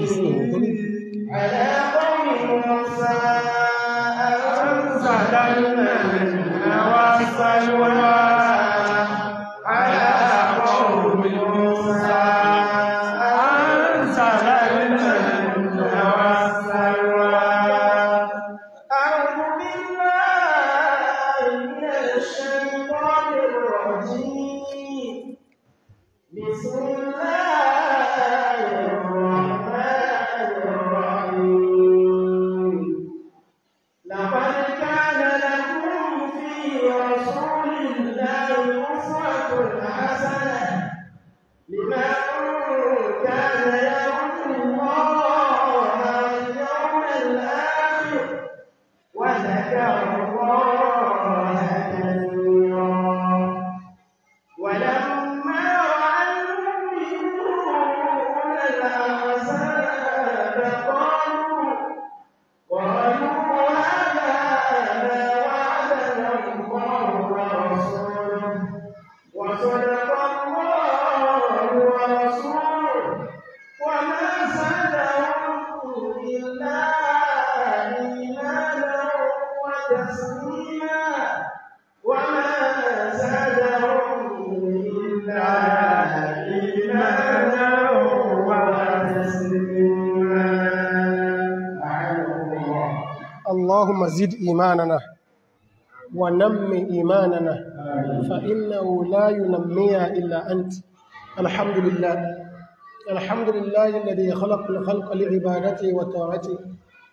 this thing اللهم زد إيماننا ونم إيماننا فإنه لا ينمي إلا أنت الحمد لله الحمد لله الذي خلق الخلق لعبادته وطاعته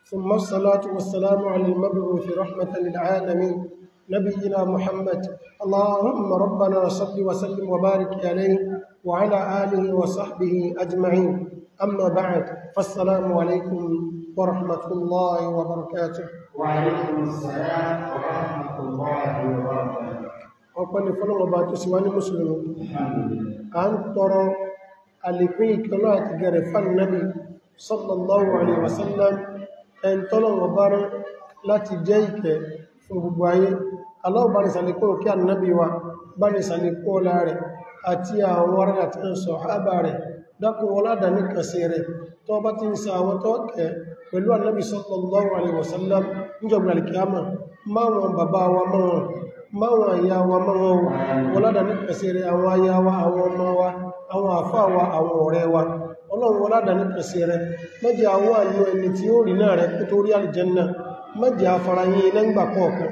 ثم الصلاة والسلام على المبعوث رحمة للعالمين نبينا محمد اللهم ربنا صل وسلم وبارك عليه وعلى آله وصحبه أجمعين أما بعد فالسلام عليكم ورحمة الله وبركاته وعليكم السلام ورحمة الله وبركاته ọpẹ́ ni fọ́lọ́wọ́ bá tó síwá ní mùsùlùmí a ń tọrọ alìpín ìkọlọ́ àti gẹ̀rẹ̀ fánàbí sallallahu alaihi wasallam ẹn tọ́lọ̀wọ̀ bá rán láti jẹ́ ìkẹ fún gbogbo ayé aláwọ̀ bá ní sàlékò kí annabi wa bá ní sàlékò láàrẹ̀ àti àwọn pẹ̀lú annabi sallallahu alaihi wasallam níjọba alkiyama máwọn bàbá wa máwọn máwọn àyà wa máwọn wọládà ní pẹ̀sẹ̀rẹ̀ àwọn àyà wa àwọn ọmọ wa àwọn àfá wa àwọn ọ̀rẹ́ wa ọlọ́run wọládà ní pẹ̀sẹ̀rẹ̀ mẹ́jẹ àwọn àyọ ẹni tí ó rí náà rẹ̀ kó tó rí alìjẹ́nà mẹ́jẹ afárayín iná kọ̀ọ̀kan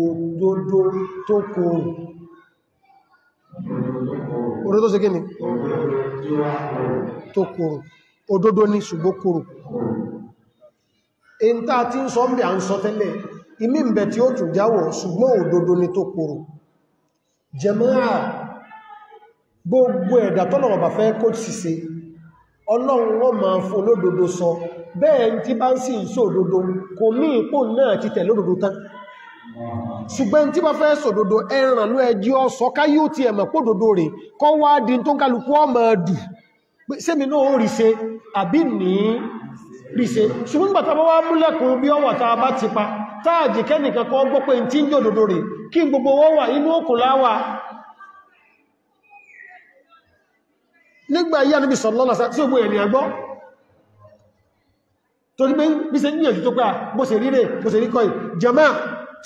òdòdó tó kòrò òdodo tó ní ṣùgbọ́n kòrò èyí ti ń sọ mẹ́ a ń sọ tẹ́lẹ̀ imí tí ó tún jáwọ̀ òdòdó ní tó jẹmọ́ra gbogbo ẹ̀dà tọ́lọ̀ fẹ́ ọlọ́run kò ṣùgbọ́n tí bá fẹ́ sòdodo ẹranú ẹjí ọsọ káyí ó ti ẹ̀mọ̀ pódòdó rẹ̀ kọ́ wá dín tó ń kálukú ọmọ ẹ̀dù sẹ́mi náà ó rí ṣe àbí ní rí ṣe ṣùgbọ́n gbàtà bá wá múlẹ̀kùn bí ọwà ta bá ti pa táàjì kẹ́nìkan kan gbọ́ pé tí ń jò dòdó rẹ̀ kí gbogbo wọ́n wà inú òkú láwà nígbà yà níbi sọ̀lọ́lá sí ògbò ẹ̀rìn àgbọ́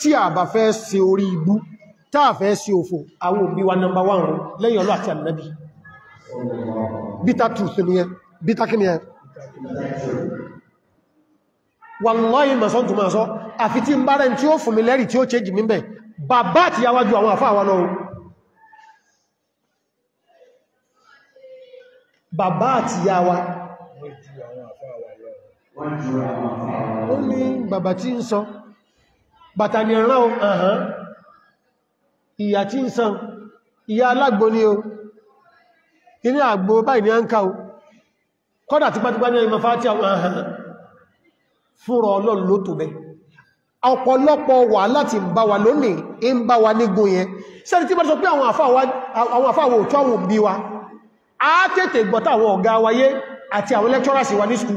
tí a bá fẹ́ ṣe orí ibú táà fẹ́ sí òfò àwọn òbí wa nọmbà wà rún lẹ́yìn ọlọ́ àti ànábì bitter truth ni yẹn bitter kí ni yẹn wallahi maso tó maso àfi tí ń bá rẹ̀ tí ó fún mi lẹ́rì tí ó bẹ̀ bàbá àti yáwájú àwọn àfá àwọn lọ́wọ́ bàbá bàtà ni ẹ̀rán ọ̀hán ìyà tí ń san ìyà alágbó ní o ilé àgbò báyìí ní àǹkà o kọ́dà tipátipá ní ẹmọ fàátí àwọn ọ̀hán fúnra ọlọ́run ló tó bẹ́ ọ̀pọ̀lọpọ̀ wà láti ń bá wa lónìí ń bá wa nígun yẹn sẹ́ni tí àti àwọn lẹ́kṣọ́rà sí ní skúù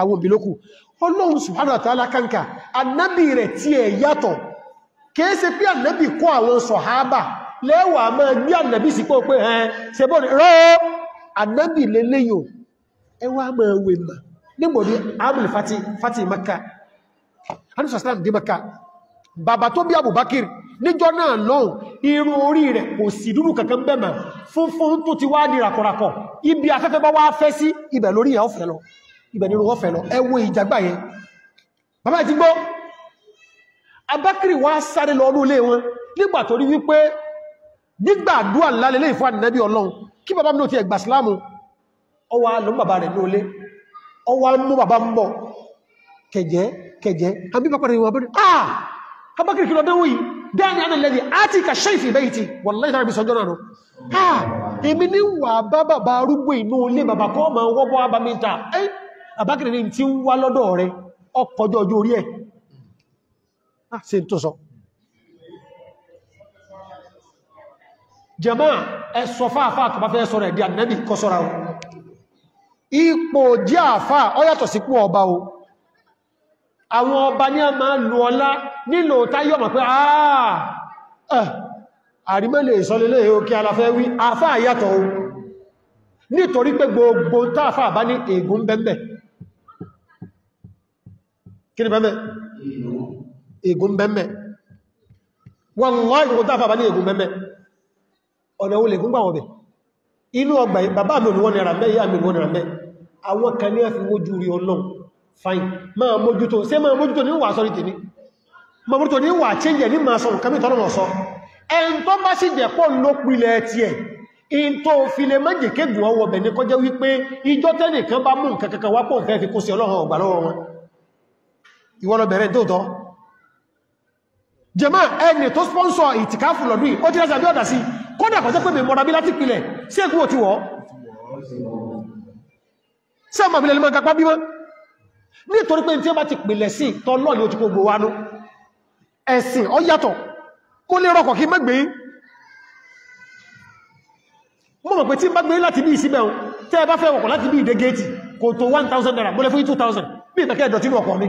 àwọn òbí lókù ọlọ́run subhanahu wa ta'ala kanka annabi rẹ̀ tí ẹ yàtọ̀ kéése pé annabi kọ́ àwọn sọ̀háábà lẹ́wà máa gbé annabi sí pọ́ pé ẹn ṣe bọ́ rọ́ annabi lélẹ́yìn ẹwà máa wè mà nígbòdí amul fati fati maka anúsàsílám dé maka bàbá tó bí abubakir níjọ́ náà lọ́un irun orí rẹ̀ kò sí dúdú kankan bẹ́mà fúnfún tó ti wá ní ibi afẹ́fẹ́ bá wá fẹ́ sí ibẹ̀ lórí ìyàwó fẹ́ lọ ibẹ̀ ni rúwọ́fẹ́ lọ ẹwọ ìjàgbà yẹn bàbá ti gbọ́ abákìrì wá sáré lọ ọdún ilé wọn nígbà tó rí wípé nígbà dúà lálẹ́lẹ́ ìfún àdínẹ́bí ọlọ́run kí bàbá mi náà ti ẹgbà sílámù ọwà lọ bàbá rẹ̀ lóòlé ọwà mú bàbá ń bọ̀ kẹjẹ́ kẹjẹ́ àbí bàbá rẹ̀ wọ́n bẹ̀rẹ̀ ah abákìrì kí lọ dánwò yìí dáni anàlẹ́dì àti kàṣẹ́ìfì ìbẹ́ìtì wọ̀lá ìtàrí sọjọ́ náà ah èmi ní wà bá bàbá arúgbó inú ilé bàbá kọ́ ma wọ́bọ́ abamita eh àbákìrìrí tí ń wá lọ́dọ̀ rẹ ọkọjọ́ ojú orí ẹ̀ ah, ṣe tó sọ jẹmọ́ ẹ̀sọ fáàfá àtọ́bá fẹ́ rẹ̀ di ànẹ́bì kọ́ sọ́ra o ipò jẹ́ àfá ọ yàtọ̀ sí pún ọba o àwọn ọba ní a máa lù ọlá nílò táyọ̀ mọ̀ pé àà ah, eh, àrímẹ́lẹ̀ ìsọlélé òkè aláfẹ́ wí àfá àyàtọ̀ o kíni bẹ́mẹ̀ ègùn bẹ́mẹ̀ wallahi ìwọ̀n tàfà bá ní ègùn bẹ́mẹ̀ ọ̀nà olè gúngbà wọ̀bẹ̀ inú ọgbà bàbá mi olùwọ́n nìra mẹ́ ìyá mi olùwọ́n nìra mẹ́ àwọn kan ní àfi wójú rí ọlọ́n fine máa mójútó ṣe máa mójútó ní wà sọ́rí tèmi máa mójútó ní wà change ní máa sọ nǹkan mi tọ́rọ sọ ẹn tó bá sì jẹ́ pọ́ ló pilẹ̀ ti ẹ̀ in tó fi lè má jẹ́ kéègùn ọwọ́ bẹ̀ ní kọjá wípé ìwọ ló bẹ̀rẹ̀ tóòtọ́ jẹmọ́ ẹni tó sponsor ìtìkáfù lọ́dún ó ti rẹ́sà bí ọ̀dà sí kódà kọ́ sẹ́ pé mẹ́mọ́ra bí láti pìlẹ̀ sí ẹkú ò ti wọ́ sẹ́mọ̀ bí lẹ́lẹ́mọ́ kápá bímọ́ nítorí pé tí ó bá ti pìlẹ̀ sí tọ́lọ́ ni ó ti gbogbo wánú ẹ̀sìn ọ yàtọ̀ kó lè rọ̀kọ̀ kí mẹ́gbé mọ́ mọ̀ pé tí mẹ́gbé láti bí ìsíbẹ̀ tẹ́ ẹ bá fẹ́ wọ̀kọ̀ láti bí ìdẹ́gẹ́ẹ̀tì kò tó 1000 naira mọ́lẹ̀ fún 2000 bí ìtàkẹ́ ẹ̀dọ̀ tí wọ̀kọ̀ mi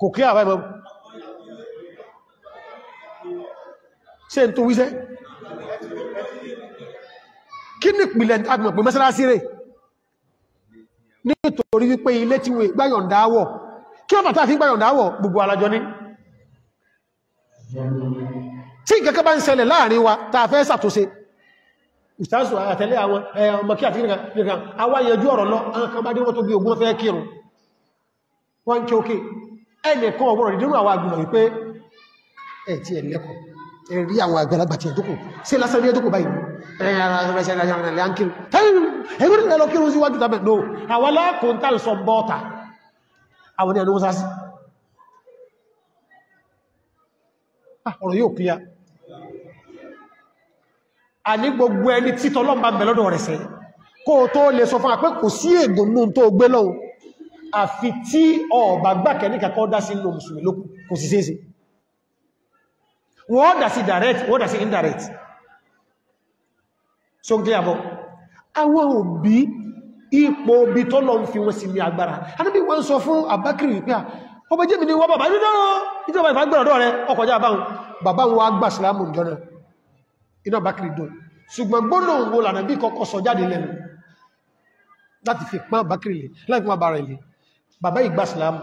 kò kí àwá ìmọ̀ ṣe n tó wíṣẹ́ kí ní ìpìlẹ̀ àbìmọ̀ pé mẹ́sàlásí rẹ̀ nítorí wípé ilé tí wọ́n gbáyọ̀ndáwọ̀ kí ọmọ tàà fi gbáyọ̀ndáwọ̀ gbogbo alájọ ní tí ìkẹ́kẹ́ bá ń ṣẹlẹ̀ láàrin wa tàà fẹ́ ṣàtúnṣe ìsáàsù àtẹ́lẹ́ àwọn ọmọ kí àti nìkan awáyẹjú ọ̀rọ̀ lọ àwọn kan bá dé wọ́n tó gbé ogun fẹ́ kírun wọ́n kí ókè ẹnìkan ọgbọ̀rọ̀ ìdínú àwọn agbìmọ̀ wípé ẹ̀ tí ẹ̀ lẹ́kọ̀ọ́ ẹ̀ rí àwọn àgbàlagbà tí ẹ̀dókò sí lásán ní ẹ̀dókò báyìí ọ̀rọ̀ yóò kíyà a ní gbogbo ẹni títọ́ lọ́mbà bẹ̀lọ́dọ̀ rẹ̀ sẹ́ kó tó lè sọ fún àpẹ́ kò sí ègbò nù tó gbé lọ́wọ́ àfi tí ọ̀bà gbákẹ̀ ní kàkọ́ dá sí lò mùsùlùmí ló kò sí séèsì wọ́n dá sí direct wọ́n dá sí indirect so n clear bọ́ àwọn òbí ipò òbí tó lọ ń fi wọ́n sí ní agbára anábí wọ́n sọ fún àbákìrì wípé ah, ọmọ jẹ́ mi ni wọ́n bàbá nínú ìjọba ìfàgbọ́rọ̀ rẹ ọkọ̀já báhùn bàbá wọn agbà sílámù ìjọna iná bákìrì dùn ṣùgbọ́n gbónà òun wo lànà bí kọ́kọ́ sọ jáde lẹ́nu láti fi pán bákìrì lè láìpín àbára ilé bàbá ìgbàsìlámù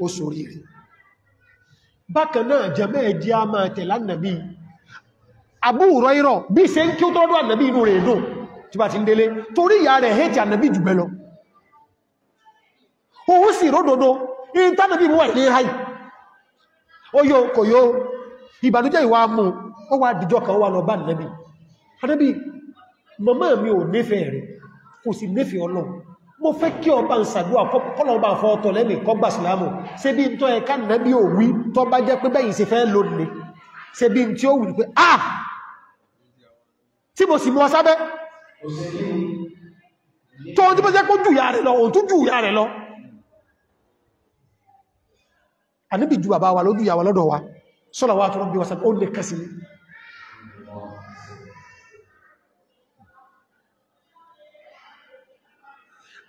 ó sórí rẹ̀ bákan náà jẹmẹ́ ẹjẹ́ a máa tẹ̀lá nàbí Abu Hurairah bí i ṣe ń kí ó tọ́rọ̀dọ̀ ànàbí inú rẹ̀ dùn tí bá ti ń délé torí ìyá rẹ̀ hẹ́tì ànàbí jù bẹ́lọ òun sì ródòdó in tánàbí mú wà ní haì ó yóò kò yóò ìbànújẹ́ ìwà mú ó wá dìjọ kan wà lọ bá ànàbí ànàbí màmá mi ò nífẹ̀ẹ́ rẹ̀ kò sì nífẹ̀ẹ́ Ọlọ́run mo fẹ́ kí ọba ń sàdúwà kọ́lọ̀ọba fọ́ọ̀tọ̀ lẹ́mì kọgbà sílámù ṣe bí n tọ́ ẹ̀ká nẹ́bí òwí tọ́ bá jẹ́ pé bẹ́yìn sí fẹ́ lónìí ṣe bí n tí ó wù pé ah tí mo sì mú ọ sábẹ́ tó ohun tí mo jẹ́ kó jù ya rẹ̀ lọ ohun tó jù ya rẹ̀ lọ àníbì ju bàbá wa lójú ya wa lọ́dọ̀ wa sọ́lọ̀ wa tó rọ́ bí wa sàbẹ́ ó lè kẹsì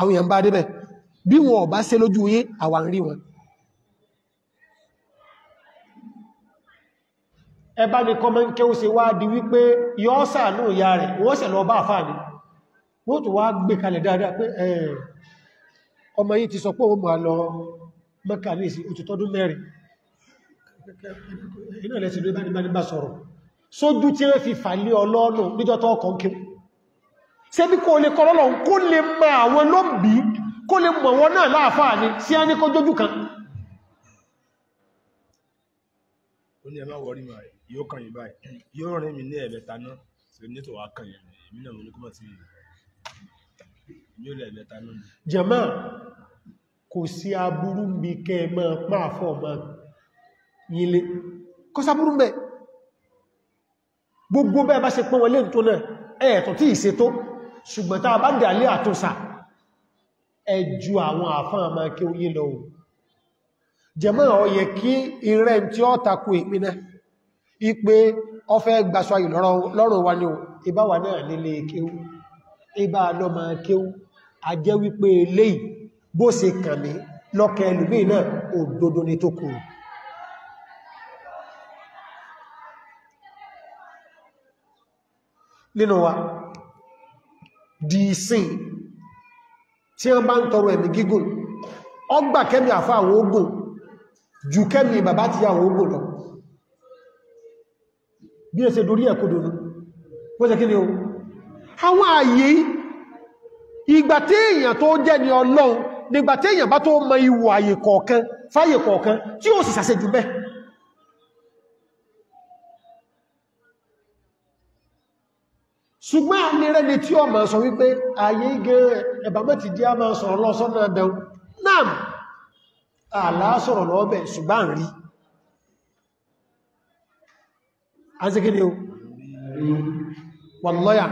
àwọn èèyàn bá débẹ̀ bí wọn ò bá lójú yín àwa ń rí wọn ẹbá ní kọmọ ń kéwú wá di wípé yọ́ sàánú wọ́n sẹ̀ lọ bá àfáà tó wá gbé kalẹ̀ dáadáa pé ọmọ yìí ti sọ pé òun máa lọ Mẹ́kà ní ìsìn mẹ́rin ṣe bí kò lè kọlọ́lọ̀ kó lè mọ àwọn ló ń bí kó lè mọ̀ wọn náà láàfáà ní sí a ní kó jójú kan ó ní ẹmọ́ wọrí ma yóò kàn yí báyìí yóò rìn ni ní ẹ̀mẹ́ta náà sí ní tó wà kàn yí èmi náà mo ní kọ́mọ̀ sí yóò lè ẹ̀mẹ́ta náà jàmá kò sí aburú ń bí kẹ́ mọ́ máa fọ́ ọmọ yìnlé kò sáburú ń bẹ gbogbo bẹ́ẹ̀ bá ṣe pọ́n wọlé ń tó náà ẹ̀ẹ̀tọ̀ tí ìṣètò ṣùgbọ́n tá a bá dà lé àtúnsà ẹjú àwọn àfán àmà kí ó yí lọ́wọ́ jẹmọ́ ọ yẹ kí ìrẹ́ tí ó takò ìpínà ipé ọfẹ́ gbàṣọ ayì lọ́rùn wa ní o ibá wà náà nílé kéwú ibá lọ́mà kéwú a jẹ́ wípé léì bó ṣe kàmí lọ́kẹ́ ẹlùmí náà òdodo ni tó kùrù nínú wa di sin tí wọ́n bá ń tọrọ ẹ̀mí gígùn ọgbà kẹ́mì àfá àwọn ogun ju kẹ́mì bàbá ti yà àwọn ogun lọ bí ẹ ṣe dorí ẹ̀kúdò ní wọ́n ṣe kí ni o àwọn ààyè ìgbà tí èèyàn tó jẹ́ ni ọlọ́run nígbà tí èèyàn bá tó mọ ìwò àyè kọ̀ọ̀kan fáyè kọ̀ọ̀kan tí ó sì sàṣẹ́jú bẹ́ẹ̀ ṣùgbọ́n àmì rẹ̀ ni tí ọmọ sọ wípé ayé igẹ́ ẹ̀bàmọ́ ti jẹ́ àmà sọ̀rọ̀ lọ́sọ́nà ẹ̀bẹ̀un náà àlásọ̀rọ̀ lọ́ọ̀bẹ̀ ṣùgbọ́n rí azikini o wàlọ́yà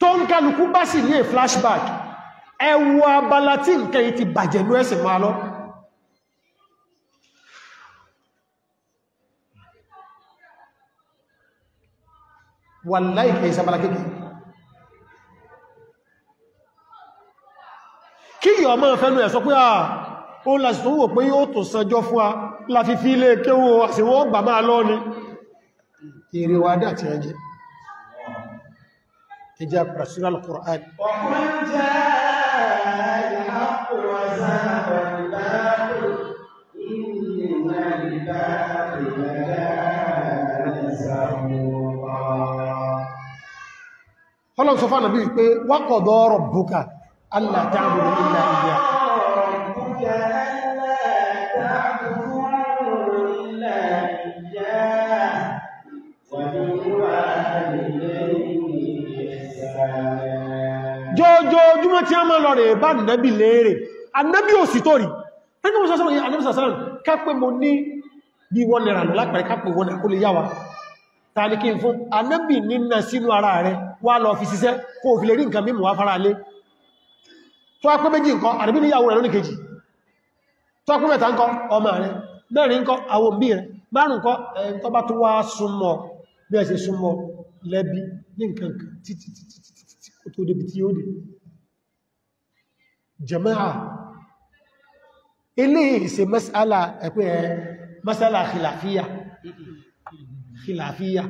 tó ń kálukú bá sì ní flashback ẹwọ abala tí nkẹ́ ti bàjẹ̀ ní máa lọ́pọ̀ wà láìkẹ̀ ìsàbàlá kéèkì kí yọ mọ́ fẹ́nu ẹ̀ sọ pé àà ó lásì tó wò pé yóò tó sanjọ́ fún a láti fi ilé kéwò àsìwọ́ gbà máa lọ ni èrè ti ẹjẹ́ ẹjẹ́ àpàràsílá al-Qur'an Thank ọlọ́run sọ fún ànàbí wípé wákọ̀dọ̀ ọ̀rọ̀ bùkà aláàtàbùrù ilẹ̀ ìyá jọjọ ojúmọ́ tí a máa lọ rẹ̀ bá nàbí léèrè ànábí ò sì tó rí ẹgbẹ́ mọ́ sọ́sọ́rọ̀ ànábí sàsánà kápẹ́ mo ní bí wọ́n nẹ̀rà lápẹ̀ẹ́ kápẹ́ wọ́n nẹ̀kó lè yáwa tàbíkí fún anábì nínà sínú ara rẹ̀ wà lọ fi ṣiṣẹ́ kó fi lè rí nǹkan mímọ̀ wá fara lé tó apẹ́ méjì nǹkan àdìbí níyàwó rẹ̀ lónìí kejì tó apẹ́ mẹ́ta nǹkan ọmọ rẹ̀ mẹ́rin nǹkan àwọn òbí rẹ̀ márùn nǹkan ẹ̀ntọ́ bá tó wá súnmọ́ bí ẹ̀ ṣe súnmọ́ lẹ́bí ní nǹkan títí kò tó débi tí ó dé jama'a masala ẹ̀pẹ́ kìláfíyà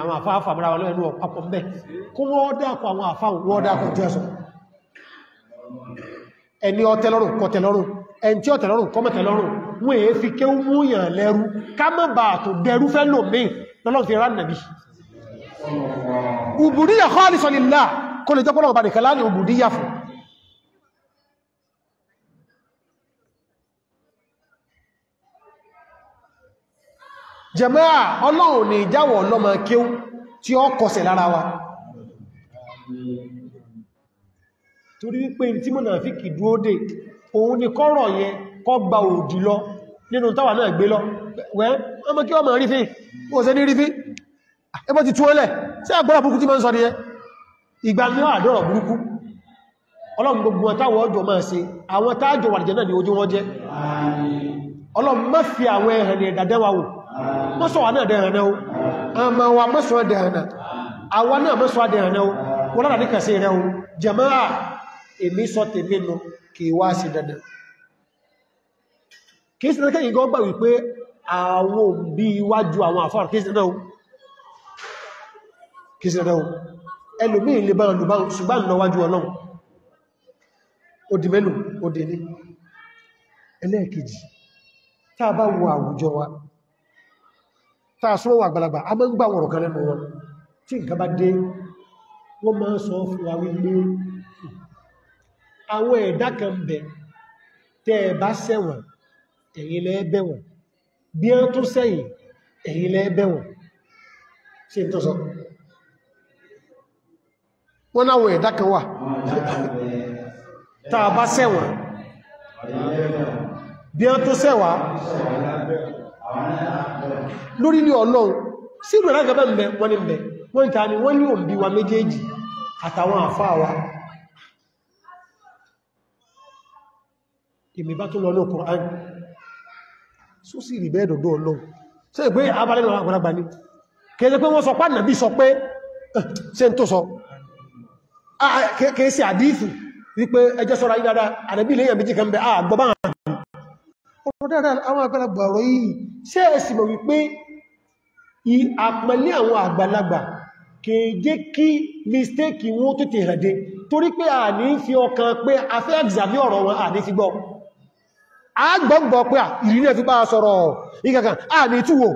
àwọn àfáàfà mara wọn lẹ́nu ọ̀pọ̀ mẹ́ kó wọ́n dákọ̀ àwọn àfáàwọn wọ́n dákọ̀ tí ẹ̀sọ̀ ẹni ọ̀tẹ́lọ́rùn kọtẹ́lọ́rùn ẹni tí ọ̀tẹ́lọ́rùn kọmọ̀tẹ́lọ́rùn wọ́n èé fi ké múyàn lẹ́rú ká mọ́ bà tó dẹrú fẹ́ lò mí lọ́lọ́ fi rán nàbí ubùdíyà kọ́ àdìsọ́lélà kó lè jọ́pọ̀lọ́ ọ̀bàdìkẹ́lá ní ubùdíyà fún jẹmáà ọlọ́run ní ìjáwọ̀ ọlọ́mọ kíó tí ó kọsẹ̀ lára wa torí wípé tí mọ́nà fi kì dúó dé òun ni kọ́rọ̀ yẹn kọ́ gba òjì lọ nínú táwà náà gbé lọ wẹ́n ti túọ́lẹ̀ sí àgbọ́rọ̀ burúkú tí mọ́ ń sọ ní ẹ ìgbà mìíràn àdọ́rọ̀ burúkú ọlọ́run gbogbo wọn táwọn ọjọ́ máa ṣe àwọn táàjọ wàlìjẹ́ náà ni ojú wọn jẹ́ ọlọ́run má fi àwọn ẹ̀hẹ̀n ẹ̀dàdẹ́wà mọ́sọ̀ wà náà dẹ̀rẹ̀nà o àmà wa mọ́sọ̀ dẹ̀rẹ̀nà àwa náà mọ́sọ̀ dẹ̀rẹ̀nà o wọ́n lára níkà sí rẹ̀ o jẹ̀máà èmi sọ tèmi nù kì í wá sí dandan kìí sí dandan kẹ́yìn gbà wípé àwọn òbí iwájú àwọn àfáà kìí sí dandan o ẹlòmíì lè bá ọlùbáhùn ṣùgbọ́n lọ wájú ọlọ́run òdìmẹ́lù òdìní ẹlẹ́ẹ̀kejì tá a bá wo àwùjọ wa tàà súnmọ́ àgbàlagbà a máa ń gbà wọ̀rọ̀ kan lẹ́nu wọn tí nǹkan bá dé wọ́n máa ń sọ fún wa wípé àwọn ẹ̀dá kan bẹ̀ tẹ́ ẹ bá ṣẹ̀wọ̀n ẹ̀yin lẹ́ bí wọ́n tún sẹ́yìn ẹ̀yin lẹ́ ṣe ń tọ́sọ wọ́n láwọn ẹ̀dá kan wà tàà bá ṣẹ̀wọ̀n bí wọ́n tún sẹ́wàá lórí ní ọlọ́run sí ìlú ẹ̀lágbẹ́ ń bẹ wọ́n ní ń bẹ wọ́n ní ta ni wọ́n ní òǹbí wa méjèèjì àtàwọn àfáà wa èmì bá tó lọ ní ọkùnrin àìn só sì rí bẹ́ẹ̀ dọ̀dọ̀ ọlọ́run ṣé ìgbé abalẹ́lọ àgbàlagbà ni kèèṣe pé wọ́n sọ pàdánà bí sọ pé ṣe ń tó sọ kèèṣe àdífù wípé ẹjẹ́ sọ́ra yí dáadáa àdẹ́bí ilé èèyàn dáadáa àwọn àgbàlagbà ọ̀rọ̀ yìí ṣé ẹ sì mọ̀ wípé àpẹẹlẹ́ àwọn àgbàlagbà kéèjé kí mistake wọ́n tètè hàndé torí pé a ní fi ọkàn pé a fẹ́ ẹ̀gbàbí ọ̀rọ̀ wọn a ní fi gbọ́ a gbọ́gbọ́ pé ìrìnà fi bá a sọ̀rọ̀ ìkankan a ní túwò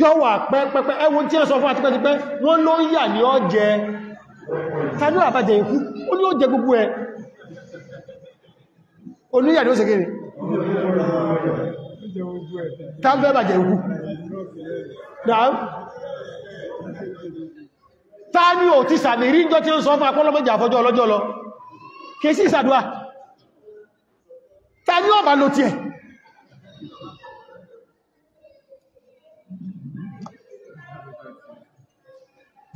yọ́ wà pẹ́pẹ́pẹ́ ẹwọ́n tí wọ́n sọ fún àtipẹ́tipẹ́ wọ́n ló ń yà ní ọjẹ́ tánú àbájẹ̀ ikú ó ní ó jẹ gbogbo ẹ oníyà ni ó ṣe kéré tàbẹ́bà jẹ ikú náà táà ní ò ti sàmì rí jọ tí ó sọ fún akọ́lọ́mọ́jà àfọjọ́ ọlọ́jọ́ lọ kìí sí ìsàdúwà táà ní ọ̀bà ló tiẹ̀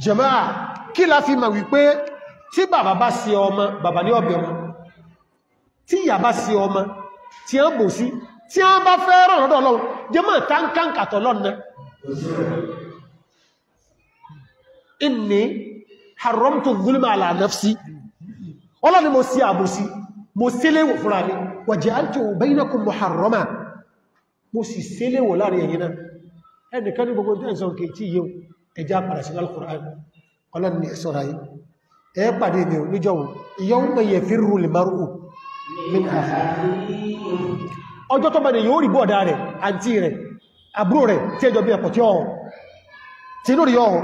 jẹ̀máà kí la fi mọ̀ wípé tí bàbá bá sí ọmọ bàbá ní ọ̀bẹ̀ ọmọ tí ìyà bá sí ọmọ tí a ń bò sí tí a bá fẹ́ ràn lọ́dọ̀ ọlọ́run jẹ́ mọ́ táǹkàǹkàtọ̀ lọ́nà inni haramtu zulma ala nafsi ọlọ́ni mo sí àbòsí mo síléwò fúnra mi wa ja'altu bainakum muharrama mo sì síléwò láàrin ẹ̀yin ẹ ọjọ́ tó bẹ̀rẹ̀ yóò rí bọ́ọ̀dá rẹ̀ àti rẹ̀ àbúrò rẹ̀ tí ẹjọ́ bí ẹ̀pọ̀ tí ọ̀hún tí lórí ọ̀hún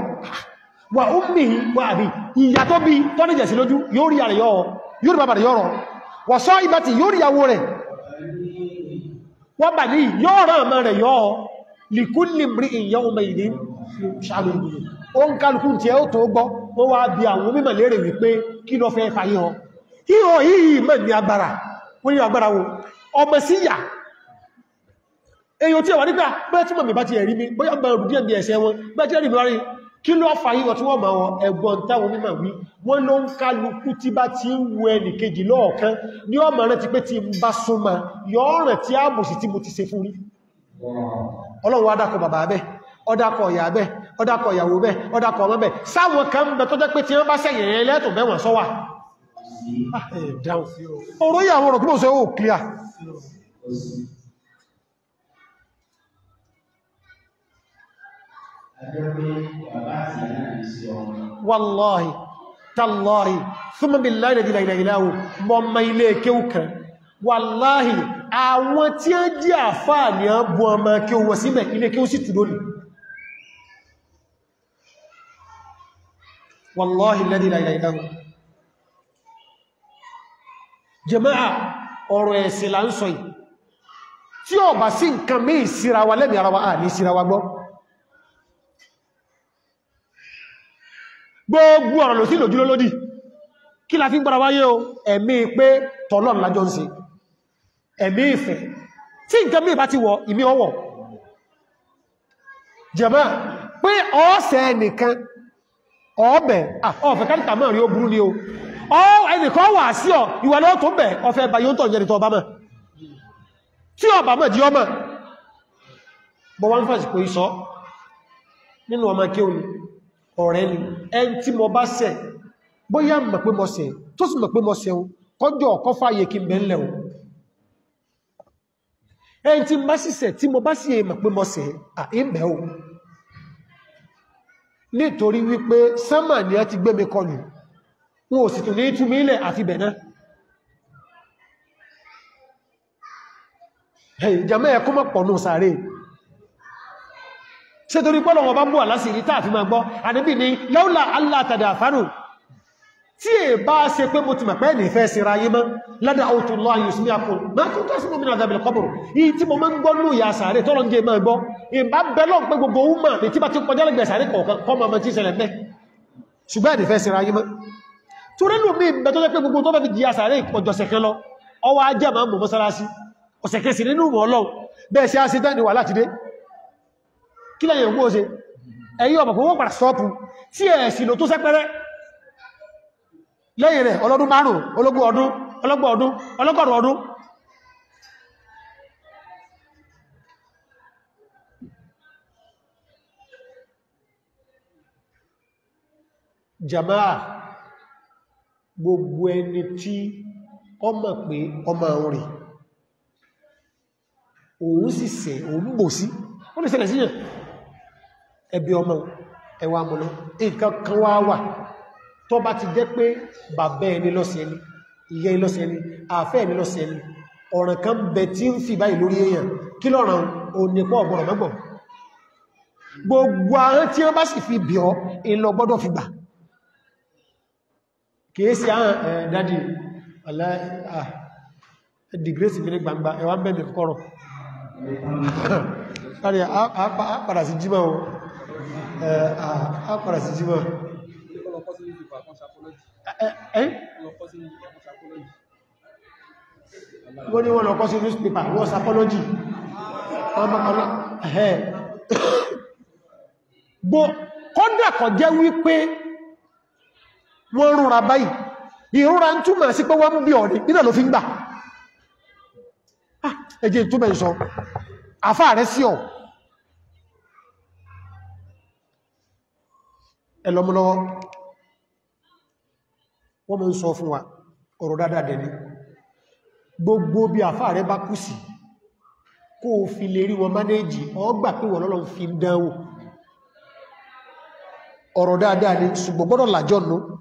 wà ó mì wà àbí ìyà tó bí tọ́nìjẹ̀ sí lójú yóò rí àrẹ̀ yọ́ọ̀ yóò rí bàbà rẹ̀ yọ́rọ̀ wà sọ ìbàtí yóò rí ìyàwó rẹ̀ wọ́n bà ní yóò rán àmà rẹ̀ yọ́ọ̀ ó ń kálukú tí ẹ ó tó gbọ́ wọ́n wá bí àwọn mímọ̀ lérè wípé kí lọ fẹ́ fàyí ìhò yìí mẹ́ ní agbára wọ́n ní agbára wo ọmọ sí yà èyàn tí ẹ̀wà nígbà bẹ́ẹ̀ tí mọ̀mí bá ti ẹ̀rí mi bóyá bẹ̀rẹ̀ òbí díẹ̀ bí ẹ̀ṣẹ́ wọn bẹ́ẹ̀ tí ẹ̀rí mi rárí kí ló fà yíwọ̀ tí wọ́n ma wọn ẹ̀gbọ́n táwọn mímọ̀ wí wọ́n ló ń kálukú tí bá ti ń wo ẹnì kejì lọ́ọ̀kan ní ọmọ rẹ̀ ti pé ti ń bá súnmọ́ yọ́ọ̀rẹ̀ tí a mọ̀ sí tí mo ti ṣe fún rí ọlọ́run adákọ̀ bàbá bẹ́ ọdákọ̀ ọ̀yà bẹ́ ọdákọ̀ ìyàwó bẹ́ ọdákọ̀ ọmọ bẹ́ sáwọn kan bẹ tó jẹ́ pé tí wọ́n bá sẹ́yìn ẹlẹ́tọ̀ bẹ́wọ̀n sọ́wà ọ̀rọ̀ yìí àwọn ọ̀rọ̀ tó lọ́sẹ̀ ó kíyà wàláhì tàláhì thumma billahi la ilaha illa hu mọ́mọ ilé kéwùkan wàláhì àwọn tí ó jí àfáà ní ọ bú ọmọ kéwù wọ síbẹ̀ ilé kéwù sí tùdó nìí والله الذي لا إله إلا هو jẹmáà ọ̀rọ̀ ẹ̀sìn là ń sọ yìí tí ó bá sí nǹkan mí ìsíra wa lẹ́mì ara wa à ní ìsíra wa gbọ́ gbogbo ọ̀rọ̀ sí lòjúlọ lódì kí la fi ń gbára wáyé o ẹ̀mí pé tọ́lọ́n lájọ́ ń ṣe ẹ̀mí ìfẹ́ tí nǹkan mí bá ti wọ ìmí ọwọ̀ jẹmáà pé ọ́ọ̀sẹ̀ nìkan ọ̀ọ́bẹ̀ ọ̀fẹ́ káríkà mẹ́rin ó burú ni o ọ ẹnìkan wà sí ọ ìwà náà tó bẹ̀ ọfẹ́ bá yóò tọ̀ yẹ́ nìtọ̀ ọba mọ̀ tí ọba mọ̀ di ọmọ bọ̀ wọ́n fàṣì kò sọ nínú ọmọ o ni ọ̀rẹ́ ni ẹn tí mo bá sẹ bóyá mọ̀ pé tó sì mọ̀ pé mo kọjọ ọkọ fàyè kí n bẹ̀ o sì mọ̀ pé mo o nítorí wípé sánmà ni a ti gbé mi kọlù wọn ò sì tún ní túnmí ilẹ̀ àti bẹ̀ná ìjàmẹ́ ẹ̀kọ́ mọ̀ pọ̀ náà sàárè ṣe torí pọ́lọ̀ wọn bá bú àlásì ìrítà àfi ma gbọ́ àníbì ni lọ́ọ̀lá alátàdà àfánù tí è bá ṣe pé mo ti mọ̀ pẹ́ nìfẹ́ síra yí mọ́ ládà ṣùgbọ́n ẹ̀dẹ̀fẹ́ síra yí mọ́ torí lómi ìbẹ̀ tó jẹ́ pé gbogbo tó bẹ́ fi jí àsàrí ọjọ́sẹ̀kẹ́ lọ ọwọ́ ajá ma ń mọ̀ mọ́sálásí ọ̀sẹ̀kẹ́ sí nínú mọ̀ ọlọ́run bẹ́ẹ̀ sí àṣẹ tẹ́ni wà láti dé kí lẹ́yìn ògbó ṣe ẹ̀yí ọ̀pọ̀ wọ́n padà sọ́ọ̀pù tí ẹ̀ sì lò tó sẹ́pẹ́rẹ́ lẹ́yìn rẹ̀ ọlọ́dún márùn-ún ológun ọdún ọlọ́gbọ̀n ọdún ọlọ́gọ́rùn ọdún jama'a gbogbo ẹni tí ọ mọ̀ pé ọmọ àwọn rẹ̀ òun sì sẹ̀ òun bò sí ó lè ṣẹlẹ̀ síyàn ẹbí ọmọ ẹwà mọ̀nà nǹkan kan wá wà tó bá ti jẹ́ pé bàbá ẹni lọ́sẹ̀ ẹni ìyá ẹni lọ́sẹ̀ ẹni àfẹ́ ẹni lọ́sẹ̀ ẹni ọ̀ràn kan bẹ tí ń fi báyìí lórí èèyàn kí lọ́ràn onípọ̀ ọ̀gbọ̀rọ̀ mọ́gbọ̀n gbogbo àwọn tí wọ́n bá sì fi bí ọ ìlọ fi gbà kìí sí àwọn ẹ̀dádì dìgrésì mi ní gbangba ẹwà ń bẹ̀mì kọ́rọ̀ láti àpàdà sí jímọ̀ o àpàdà sí jímọ̀ wọ́n ní wọ́n lọ kọ́ sí newspaper wọ́n sapọ́lọ́jì wọ́n bá kọ́lá ẹ̀ẹ́ gbọ́ kọ́dà kọ̀ jẹ́ wípé wọ́n rúnra báyìí ìrúnra ń túnmọ̀ sí pé wọ́n mú bí ọ̀rẹ́ nínà ló fi ń gbà ah, ẹjẹ́ túnmọ̀ sọ àfá rẹ̀ sí ọ̀ ẹlọmọlọwọ́ wọ́n mọ́ ń sọ fún wa ọ̀rọ̀ dáadáa dẹni gbogbo bí àfá rẹ̀ bá kú sí kó o fi lè rí wọn mánéjì ọgbà pé wọ́n lọ́lọ́ ọ̀rọ̀ dáadáa ni ṣùgbọ́n gbọ́dọ̀ làjọ́ nù no?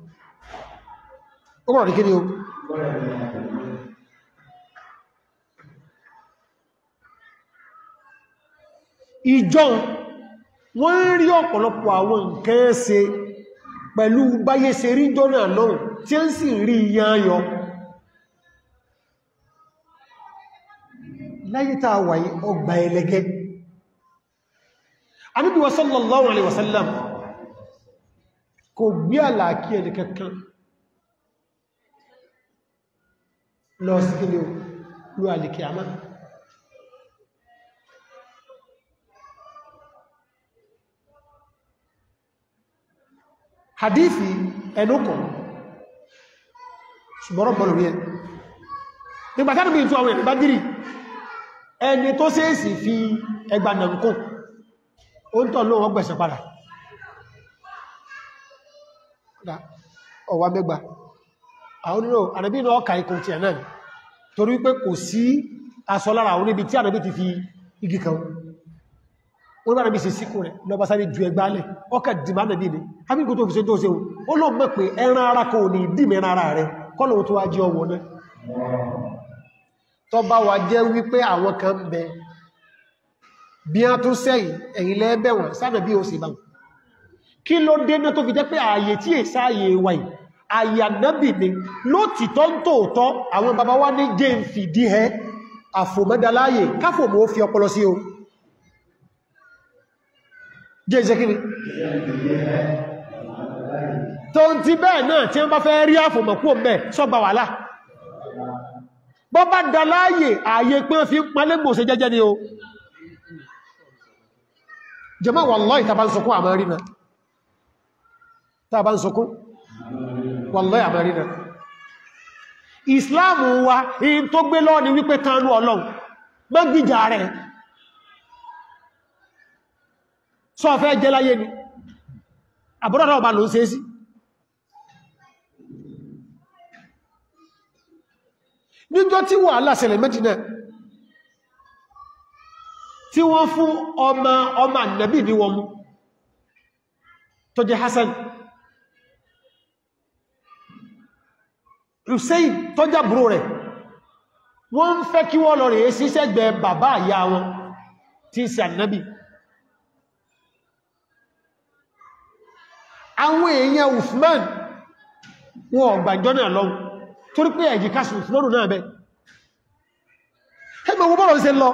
ó gbọ́dọ̀ ní ni o ìjọ́un wọ́n ń rí ọ̀pọ̀lọpọ̀ àwọn nǹkan ṣe pẹ̀lú báyé rí jọ́nà náà tí ó sì rí yányọ láyítà wàyí ọgbà ẹlẹ́gẹ́ Ànábì sallallahu kò gbé àlàkí ẹni lọ sí kí ni ó lọ àlèkè àmá hadithi ẹnukọ̀ ṣùgbọ́n rọ̀gbọ́n lórí ẹ nígbàtánù bí i tó àwọn ẹ̀rẹ̀ bá dìrì a tó sẹ́ẹ̀sì fi ẹgbà nà ń kó ó ń tọ́ lóò wọ́n gbẹ̀sẹ̀ padà ọwà mẹ́gbàá àwọn nínú ànábì náà ọkà ikùn ti ẹ̀nà torí wípé kò sí aṣọ lára àwọn níbi tí ànábì ti fi igi kan wọ́n bá nàbí ṣe síkùn rẹ̀ lọ́bá sáré ju ẹgbálẹ̀ ọkà dìmá nàbí ni hábíkò tó fi ṣe tó ṣe ó lọ mọ̀ pé ẹran ara kò ní dìmẹ̀ ara rẹ̀ kọ́lọ̀ tó wá jẹ́ ọwọ́ náà tó bá wà jẹ́ wípé àwọn kan bẹ bí a tún sẹ́yìn ẹ̀yìn lẹ́ẹ̀bẹ̀wọ̀n sánàbí o sì bá kí ló dé náà tó fi jẹ́ pé ààyè tí èsáyè wáyìí àyànábì ni lótìtọ́ ń tóòtọ́ àwọn bàbá wá ní jẹ́ ń fi dí ẹ àfòmọ́dáláyè káfòmọ́ fi ọpọlọ sí o jẹ́ ìṣẹ́ kíni tó ń ti bẹ́ẹ̀ náà tí wọ́n bá fẹ́ rí àfòmọ̀kú mẹ́ sọ́gbà wà láà bọ́ bá dáláyè ààyè pé fi palẹ́gbòsẹ jẹ́jẹ́ o jẹ́mọ́ wallahi tàbá ń sọkún àmọ́ rí tàbá ń sọkún wàlọ́ àmàrí rẹ̀ ìsìláàmù wa in tó gbé lọ́ ni wípé tánú ọlọ́run gbọ́gbìjà rẹ̀ sọ fẹ́ jẹ́ láyé ni àbúrọ̀dọ̀ ọba ló ń ṣe sí níjọ́ tí wọ́n aláṣẹlẹ̀ Mẹ́dínà tí wọ́n fún ọmọ ọmọ nàbí ní wọn mú tó jẹ́ Hassan Hussein tọ́jàbúrò rẹ̀ wọ́n ń fẹ́ kí wọ́n lọ rẹ̀ síṣẹ́gbẹ̀ bàbá àyà wọn tí ń ṣe ànábì àwọn èèyàn Uthman wọn ọ̀gbàjọ́ náà lọ torí pé ẹ̀jì kásù lọ́rùn náà lọ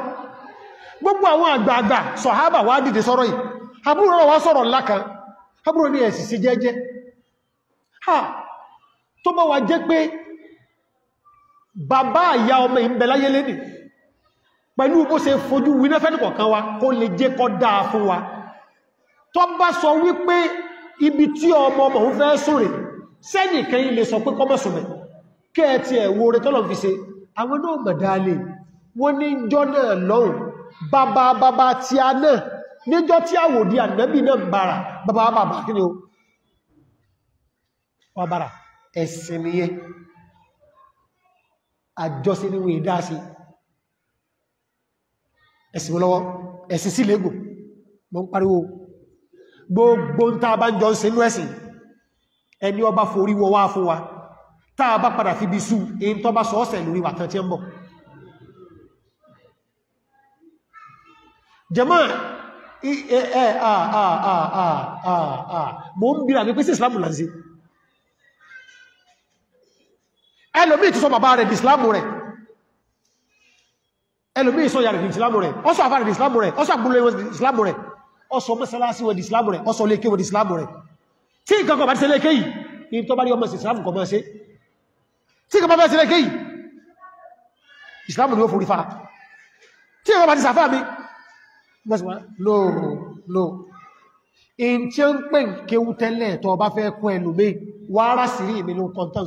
gbogbo àwọn àgbààgbà sọ̀hábà wá dìde sọ̀rọ̀ yìí àbúrò wá sọ̀rọ̀ ńlá kan àbúrò esi ẹ̀sì ha tó bá wa jẹ́ pé bàbá àyà ọmọ ìbẹ̀láyé lédè pẹ̀lú bó ṣe fojú winá fẹ́nìkọ̀ kan wa kó lè jẹ́ kọ́ dáa fún wa tó bá sọ wípé ibi tí ọmọ ọmọ òun fẹ́ sóre sẹ́nìkan ilé sọ pé kọ́mọ̀sùnmẹ̀ kẹ́ẹ̀tì ẹ̀wò rẹ̀ tọ́lọ̀ fi ṣe àwọn náà mẹ̀dálẹ̀ wọ́n ní jọ́ náà lọ́hùn a náà níjọ́ tí a wòdí ànábì náà ń bára bàbá bàbá kí ni ó wà bára ẹ̀sìn àjọsí ní wọ́n ìdásí ẹ̀sìn lọ́wọ́ ẹ̀sìn sí lẹ́gbò mọ́ ń pariwo gbogbo ń tàbá ń jọ ń sinú ẹ̀sìn ẹni ọba forí wọ wá fún wa táà bá padà fi bí sú èyí tó bá sọ́ọ̀sẹ̀ lórí wà tán tí ń bọ̀ jẹ́mọ́ e, e, mo ń bíra ní pé sí ẹlòmí ìtúsọ bàbá rẹ̀ di islamu rẹ̀ ẹlòmí ìsọ yàrá di islamu rẹ̀ ọsọ àfà rẹ̀ di islamu rẹ̀ ọsọ àgbúlò ìwọ̀n di islamu rẹ̀ ọsọ mọ́sálásí wọ́n di islamu rẹ̀ ọsọ lékè wọ́n di islamu rẹ̀ tí nǹkan kan bá ti ṣe lékè yìí ní tó bá ní ọmọ sí islamu kan máa ṣe tí nǹkan bá ti ṣe lékè yìí islamu ni ó forí fa tí nǹkan mi no no in tí ó ń pè kéwú tẹ́lẹ̀ tó bá fẹ́ kún ẹlòmí wàárà ìmìnú kọntán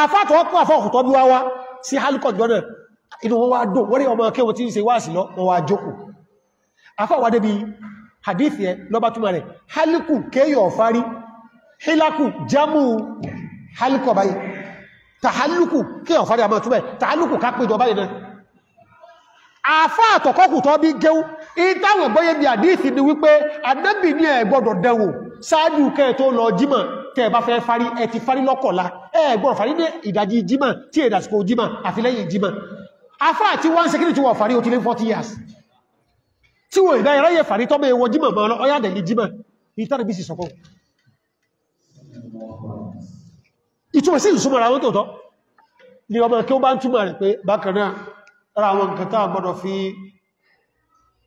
àfáàtọ̀ pọ̀ àfọ́kùtọ́ bí wá wá sí halkot gbọ́nà inú wọn wá dùn wọ́n rí ọmọ kéwọ́n tí ń ṣe wá sí lọ wọn wá jókòó àfáàwà débi hadithi ẹ lọ́bá túnmà rẹ̀ halkù kéyọ̀ fárí hílákù jámù halkọ báyìí tàhálùkù kéyọ̀ fárí àmọ́ túnmà tàhálùkù kápẹjọ báyìí náà àfáàtọ̀ kọkùtọ́ bí gẹ́ú ìtàwọn hadithi ni wípé anábì ní ẹ gbọ́dọ̀ dẹ̀wò sáájú kẹ́ tó lọ jímọ̀ tẹ́ bá fẹ́ fárí ẹ lọ́kọ̀lá ẹgbọ́n fàrí ní ìdajì jímọ̀ tí èdàsìkò jímọ̀ àfilẹ́yìn jímọ̀ afá àti wọ́n security wọ́n fàrí ó ti lé 40 years tí wọ́n ìgbà ìráyẹ fàrí tọ́mọ ewọ jímọ̀ mọ́ lọ ọyá dẹ̀lì jímọ̀ ìtàrí bí sì sọ́kọ́ ìtumọ̀ sí ìsúnmọ̀ ra wọn tòótọ́ ni ọmọ kí ó bá ń túmọ̀ rẹ̀ pé bákanáà ra àwọn nǹkan tá gbọ́dọ̀ fi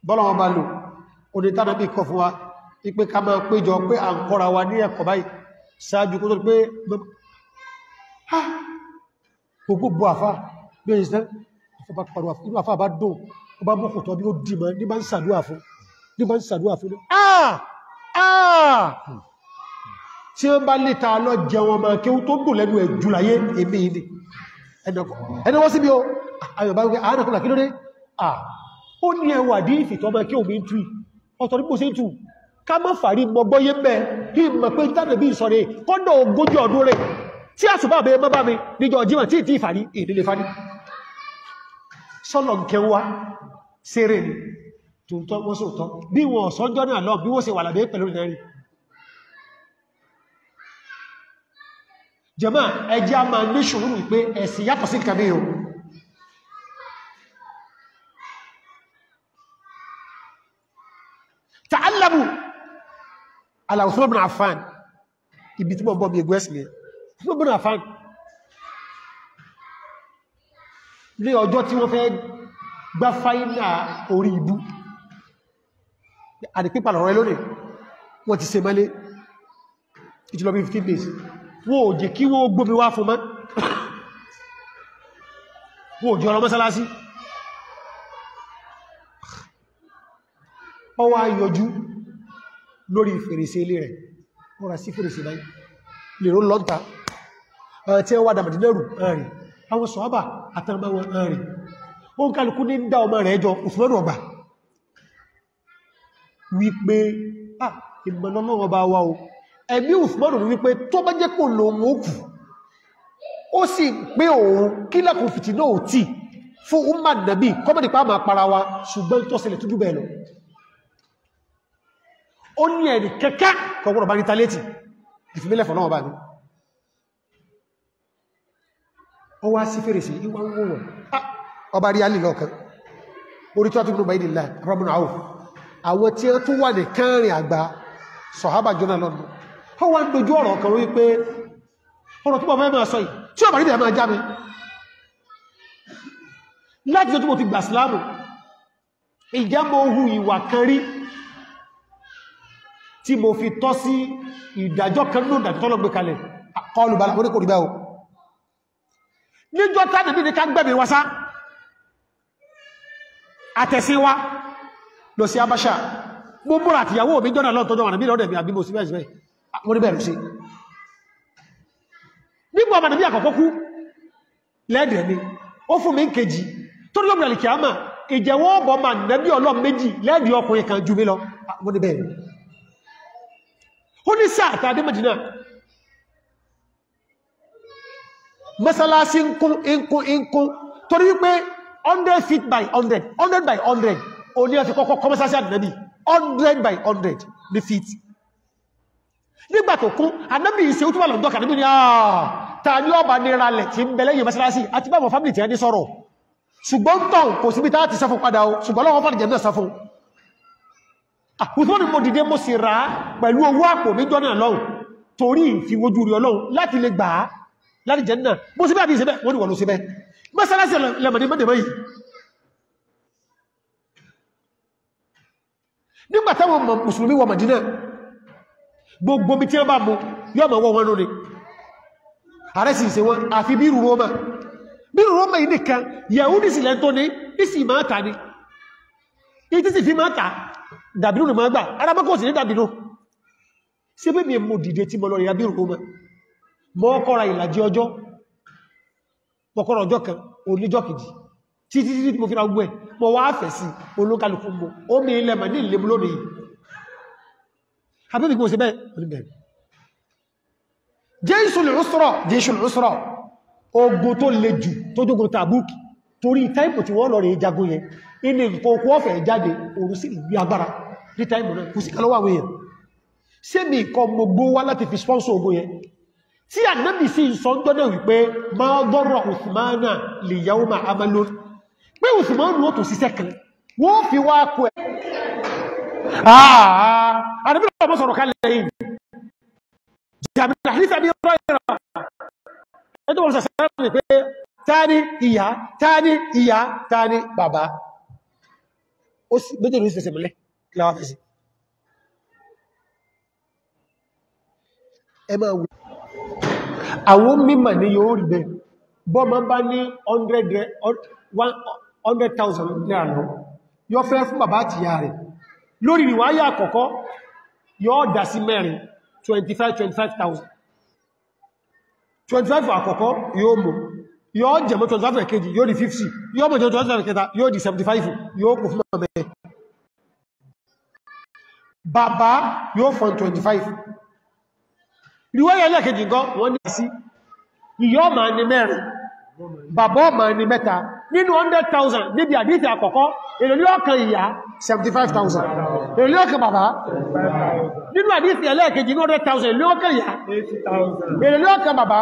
bọ́lọ̀wọ́ bá lò òní tánà bí kọ fún wa ipé ká máa péjọ pé à ń kọ́ra wa ní ẹ̀kọ́ báyìí ṣáájú kó tó pé gbogbo àfá bẹ́ẹ̀ ìsẹ́ ọba pàrọ̀ inú àfá bá dùn ọba mọ́kùtọ̀ bí ó dìmọ̀ ní bá ń sàdúwà fún ní bá ń sàdúwà fún ní tí ó bá lè ta lọ jẹun ọmọ kí ó tó gùn lẹ́nu ẹ̀jù láyé èmì ilé ẹni wọ́n sí bí ó ayọ̀bá wípé àádọ́kùnlà kí ló dé à ó ní ẹwà dí ìfìtọ́ ọmọ kí òmí tú ọ̀tọ̀ nípò sí tú ká mọ́ fàrí mọ́gbọ́yé mẹ́ kí mọ̀ pé tánàbí ìsọ̀rẹ̀ kọ́dọ̀ ogójì ọdún rẹ̀ tí àsùbá bẹ mọ́ bá mi níjọ ọjímọ̀ tí ìtí ìfàní ìdílé fàní sọ́lọ̀ kẹwa sẹ́rẹ̀ ni tó tọ́ wọ́n sọ tọ́ bí wọ́n sọ́jọ́ náà lọ bí wọ́n ṣe wà lábẹ́ pẹ̀lú ìrìn jẹ́mà ẹjẹ́ a ibi tí mọ̀ bọ́ bí ẹgbẹ́sìn Usman Affan ní ọjọ́ tí wọ́n fẹ́ gbá fáìlà orí ibú àdìpípà lọ́rọ̀ ẹlónìí wọ́n ti ṣe mẹ́lé ìjìlọ bí 15 days wọ́n ò jẹ́ kí wọ́n gbómi wá fún mọ́ wọ́n ò jẹ́ ọ̀rọ̀ mọ́sálásí ọwọ́ ayọjú lórí fèrèsé ilé rẹ̀ wọ́n rà sí fèrèsé báyìí lèrò lọ́ta Eh, tí wọ́n wá dàmàdì lẹ́rù ẹ̀rìn eh, àwọn sọ̀hábà àtàmà wọn ẹ̀rìn eh, ó ń kálukú ní dá ọmọ rẹ̀ jọ òfúnmọ́nù ọgbà wípé ah ìgbọ̀nlọ́wọ́ bá wá o ẹ̀mí òfúnmọ́nù wípé tó bá jẹ́ kò lòun ó kù ó sì pé òun kí lẹ́kùn fìtì náà ò tí fún umma nàbí kọ́mọ̀dì pa máa para wa ṣùgbọ́n tó ṣẹlẹ̀ tó jùbẹ̀ lọ ó ní ẹ̀rì kẹ́kẹ́ kọ̀gbọ̀rọ̀ bá ní talétì ìfìmílẹ̀ fọ̀nà ọba ni wọ́n wá sí fèrèsé ìwà wọ́n ah, ọba rí alì lọ́ọ̀kan orí tó àtúgbò báyìí nílá rọ́bùn àwọ̀ àwọn tí wọ́n tún wà ní kánrin àgbà sọ̀hábà jọ́nà lọ́nà ó wá ń dojú ọ̀rọ̀ kan rí máa já tó mo ti tí mo fi tọ́ sí ìdájọ́ kan náà dàtọ́lọ́gbé kalẹ̀ kọlù ah, kò rí báyìí níjọ́ tánà bí ní ká gbẹ̀mí wa sá àtẹ̀sí wa lọ sí abáṣà mo múra àtìyàwó mi jọ́nà lọ́tọ́jọ́ wà níbi lọ́dẹ̀ mi àbíbò sí bẹ́ẹ̀ sí bẹ́ẹ̀ ah, mo rí bẹ̀rù sí nígbà ọmọdé bí àkọ́kọ́ kú lẹ́ẹ̀dẹ̀ mi ó fún mi ń kejì tó ní lọ́mìnà lìkì àmà ìjẹ̀wọ́ ọ̀bọ̀ ma nẹ́bí ọlọ́m méjì ah, mo ní bẹ́ẹ̀ ó ní sáà mọ́sálásí ń kún ń kún ń kún torí wípé 100 feet by 100 100 by 100 o ní ọ̀fẹ́ kọ́kọ́ kọ́ mọ́sálásí ànábì 100 by 100 ní feet nígbà tó kún ànábì ìṣe ó túbà lọ́dọ́ kànábì ní àà ta ní ọba ní ralẹ̀ tí ń bẹ̀lẹ́ yìí mọ́sálásí àti bá wọn fámìlì tí a ní sọ̀rọ̀ ṣùgbọ́n tán kò síbi tá ti sáfún padà o ṣùgbọ́n lọ́wọ́ fàdìjẹ̀ náà sáfún àkùsùn ah, mo dìde mo sì rà pẹ̀lú owó àpò méjọ́ náà lọ́hùn torí ìfiwojú rí ọlọ́hun láti lè gbàá láti jẹ́ náà bó síbẹ̀ àbí ìsẹ́bẹ̀ wọ́n ni wọ́n ló síbẹ̀ mọ́sálásí lẹ́mọ̀dé mọ́dẹ̀mọ́ yìí nígbàtàwọn mùsùlùmí wọ Màdínà gbogbo bí tí wọ́n bá mú yọ́ mọ̀ wọ́n ní wọ́n Roma bíru Roma yìí nìkan Yahudi sì lẹ́ntọ́ ní ìsì ni ìtí sì fi máa ta dàbírù ni máa gbà arábákọ̀ sí ní dàbírù sí pé mi mú dìde tí mo lọ rí abíru Roma mọ́kọ́ra ìlàjí ọjọ́ mọ́kọ́ra ọjọ́ kan olójọ́ kìdì títí títí mo fi ra gbogbo ẹ̀ mọ́ wá fẹ̀ sí olókàlùkù mọ́ ó mi ilẹ̀ mà ní ìlébú lónìí àbẹ́bí kò sí bẹ́ẹ̀ olùbẹ̀rẹ̀ jẹ́sùn ìrúsọ́rọ̀ jẹ́sùn ìrúsọ́rọ̀ ogun tó le jù tó jógun tàbúkì torí táìpù tí wọ́n lọ rẹ̀ jagun yẹn inú nǹkan okú ọ̀fẹ́ mi nǹkan gbogbo wá láti fi sponsor ogun yẹn tí ànábì sí ìsọ́njọ́ náà wípé ma gọ́rọ̀ Uthmana lè yàwó ma amalo pé Uthmanu ó tó síṣẹ́ kan wọ́n fi wá kú ẹ̀ ààrẹ́bí lọ́wọ́ sọ̀rọ̀ kalẹ̀ yìí jàmìlá halitta bí ọ̀rọ̀ ìrọ̀ ẹjọ́ wọ́n sọ̀rọ̀ rẹ̀ pé tani ìyá tani ìyá tani bàbá ó sì àwọn mímọ̀ ní yóò rí bẹ́ bọ́ ma bá ní 100,000 náírà lọ yóò fẹ́ fún bàbá àti ìyá rẹ̀ lórí ìwáyà àkọ́kọ́ yóò dá sí mẹ́rin 25,000 25 àkọ́kọ́ yóò mú yóò jẹ̀mọ́ 25 ẹ̀kejì yóò di 50 yóò mọ̀ jẹ́ 25 ẹ̀kẹta yóò di 75 yóò kò fún ọmọ bàbá yóò fún 25 ríwáyà lẹ́kẹjì gan wọ́n ní sí ìyọ́ ma ní mẹ́rin bàbọ́ ma ní mẹ́ta nínú 100,000 níbi àdíjì àkọ́kọ́ èlò ní ọkàn ìyá 75,000 èlò ní ọkàn bàbá nínú àdíjì ẹlẹ́ẹ̀kejì ní 100,000 èlò ní ọkàn ìyá 80,000 èlò ní ọkàn bàbá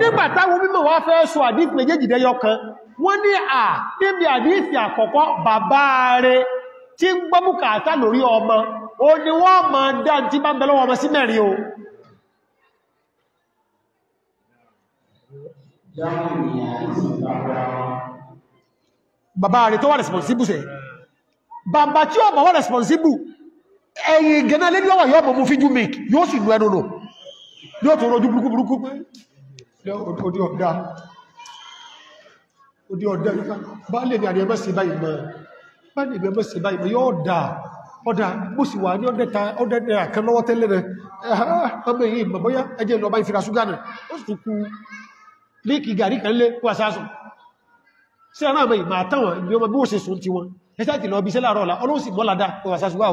nígbàtàwọn mímọ̀ ni wọ́n ma dá ti bá ń bẹ lọ́wọ́ ọmọ sí mẹ́rin o bàbá rẹ̀ tó wà responsible sẹ́ bàbá tí ọmọ wà responsible ẹ̀yìn gẹ̀nà lẹ́bí ọwà yọ́ mọ̀mú fíjú mìk yóò sì lú ẹnu nù ní ọ̀tọ̀ ọ̀rọ̀ dúkùrùkù burúkú pé ọdí ọ̀dá ọdí ọ̀dá bá lè ní àríẹ̀mọ́ sí báyìí mọ́ bá lè ní àríẹ̀mọ́ sí báyìí mọ́ yóò dà ọ̀dà bó sì wà ní ọ̀dẹ́ta ọ̀dẹ́dẹ́ àkẹ́ lọ́wọ́ tẹ́lẹ̀ rẹ̀ ọmọ èyí mọ̀ bóyá ẹjẹ́ lọ bá ìfira ṣúgánà ó sì kú líkì gàrí kan lé wà sásùn sí ẹ̀rọ àmì ìmà àtàwọn ibi ọmọ bí ó ṣe sùn ti wọn ẹsẹ́ ti lọ bí iṣẹ́ láàrọ̀ ọ̀la ọlọ́run sì mọ́ládá wà sásùn wà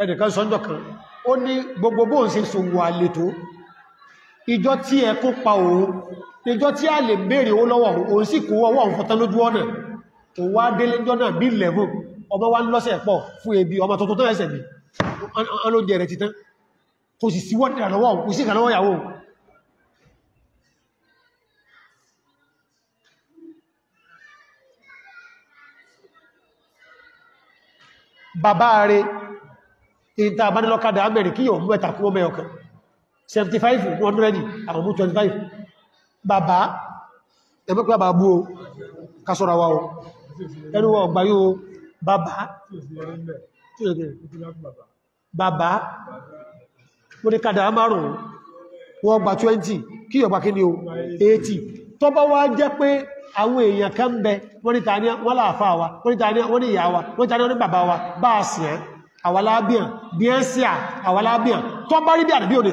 ẹnìkan sọ́njọ́ kan ó ní gbogbo bóhùn ṣe sòwò àlètò ìjọ tí ẹkún pa òun ìjọ tí a lè béèrè owó lọ́wọ́ òun sì kó ọwọ́ ọmọ wá ń lọ́sẹ̀ pọ̀ fún ebi ọmọ tuntun tó ẹsẹ̀ bìí ọlọ́jẹ̀ rẹ̀ ti tán kò sì sí wọ́dẹ̀ lọ́wọ́ kò sí ìkàlọ́wọ́ ìyàwó bàbá rẹ̀ ìta àbánilọ́kadà amẹ́rin kí yóò mú ẹ̀ta kú ọmọ ẹ̀ọ̀kan 75 100 àwọn mú 25 bàbá ẹgbẹ́gbẹ́ bàbá bú o kásọ́ra wa o ẹnu ọgbà yóò bàbá tí ó bàbá wọ́n ni kàdà márùn-ún wọ́n gba 20 kí yọ̀gbà kí ni o 80 tó bá wá jẹ́ pé àwọn èèyàn kan bẹ wọ́n ni tàní wọ́n láàfà wa wọ́n ni tàní wọ́n ni ìyá wa wọ́n ni tàní bàbá wa bá a sì án àwàlábíàn bí ẹ́ sí àwàlábíàn bá rí bí àdàbí òní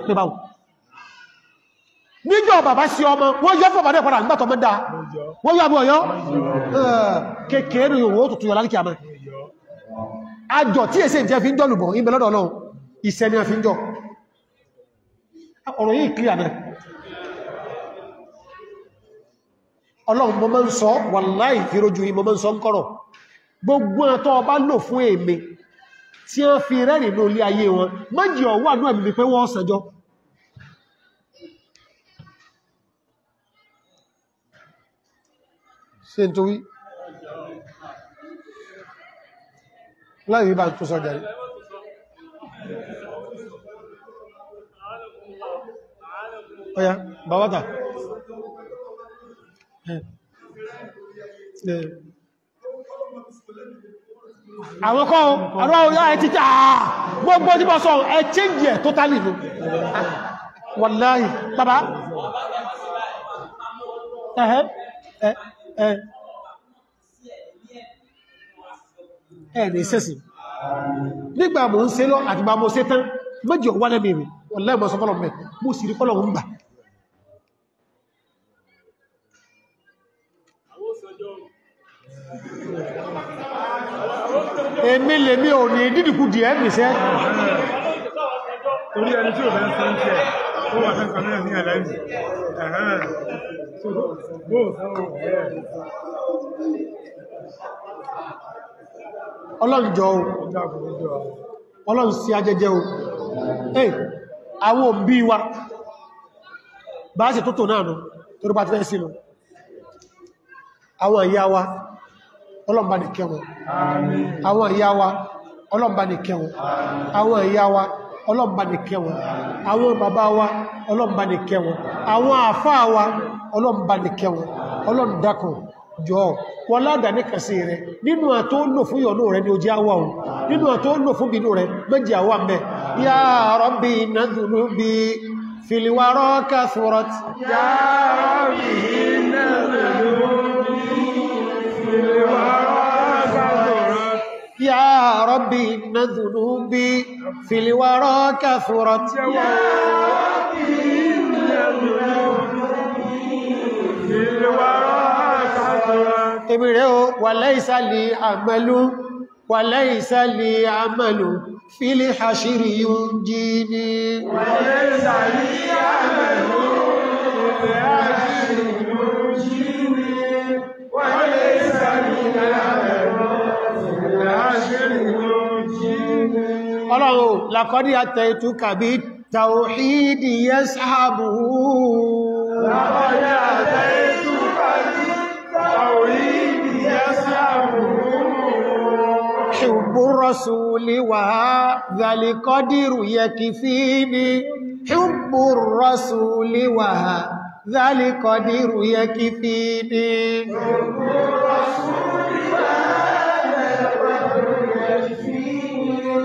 bàbá sí ọmọ wọ́n yọ́ fọ́bàdé padà nígbàtọ̀ mọ́ dáa wọ́n yọ́ kékeré tuntun àjọ tí èsè jẹ́ fi ń jọ́lùbọ̀ ìbẹ̀ lọ́dọ̀ náà ìṣẹ́ ni a fi ń jọ ọ̀rọ̀ yìí clear náà ọlọ́run mo máa ń sọ wàláì fi rojú yìí mo máa ń sọ ń kọ́rọ̀ gbogbo ẹ̀tọ́ ọba lò fún èmi tí a fi rẹ́rìn ní olé ayé wọn méjì ọwọ́ àdúrà mi pé láì rí bá tó sọ jàrí ọya bàbátà àwọn kan àwọn ọ̀yá ẹ̀ títà gbogbo tí bọ́ sọ ẹ̀ change ẹ̀ totally lò wàláhì bàbá ẹ̀ẹ́ ẹ̀ẹ́ ẹni sẹ́sì nígbà mọ̀ ń se lọ àti bá mọ̀ sé tán méjì ọ̀wà lẹ́mì rẹ̀ ọ̀lẹ́mọ̀ sọ fọ́lọ̀ mẹ́ mú sí rí fọ́lọ̀ ń gbà èmi lè mí ò ní dídìkú di ẹ̀mì sẹ́ torí ẹni tí ò bẹ́ ń sọ ń tẹ́ ó wà fẹ́ kàmílẹ̀ ní ẹ̀lẹ́mì ọlọ́njọ́ o ọlọ́nsí ajẹ́jẹ́ o ẹ̀ àwọn òbí wa bá ṣe tótò náà nù torí bá ti fẹ́ sí àwọn wa ọlọ́mbà ní kẹwọn àwọn ìyá wa ọlọ́mbà wa ọlọ́mbà ní àwọn jọ wọ́n ládà ní kàsí rẹ̀ nínú àtó lò fún yọ̀nú rẹ̀ ní ojí àwọ̀ ohun nínú àtó lò fún bínú rẹ̀ méjì àwọ̀ mẹ́ ya Rabbi nàdùnú bí fìlìwárọ́ kàfúrọ̀t ya Rabbi nàdùnú bí fìlìwárọ́ kàfúrọ̀t ya Rabbi nàdùnú bí fìlìwárọ́ kàfúrọ̀t ya Rabbi nàdùnú bí fìlìwárọ́ èmi rẹ̀ o wàláìsà lè àmàlú wàláìsà lè àmàlú fílì àṣírí yíò jí ní wàláìsà lè àmàlú fílì àṣírí yíò jí ní wàláìsà lè àmàlú fílì àṣírí yíò حب الرسول وهذا القدر يكفيني حب الرسول وهذا القدر يكفيني حب الرسول وهذا القدر يكفيني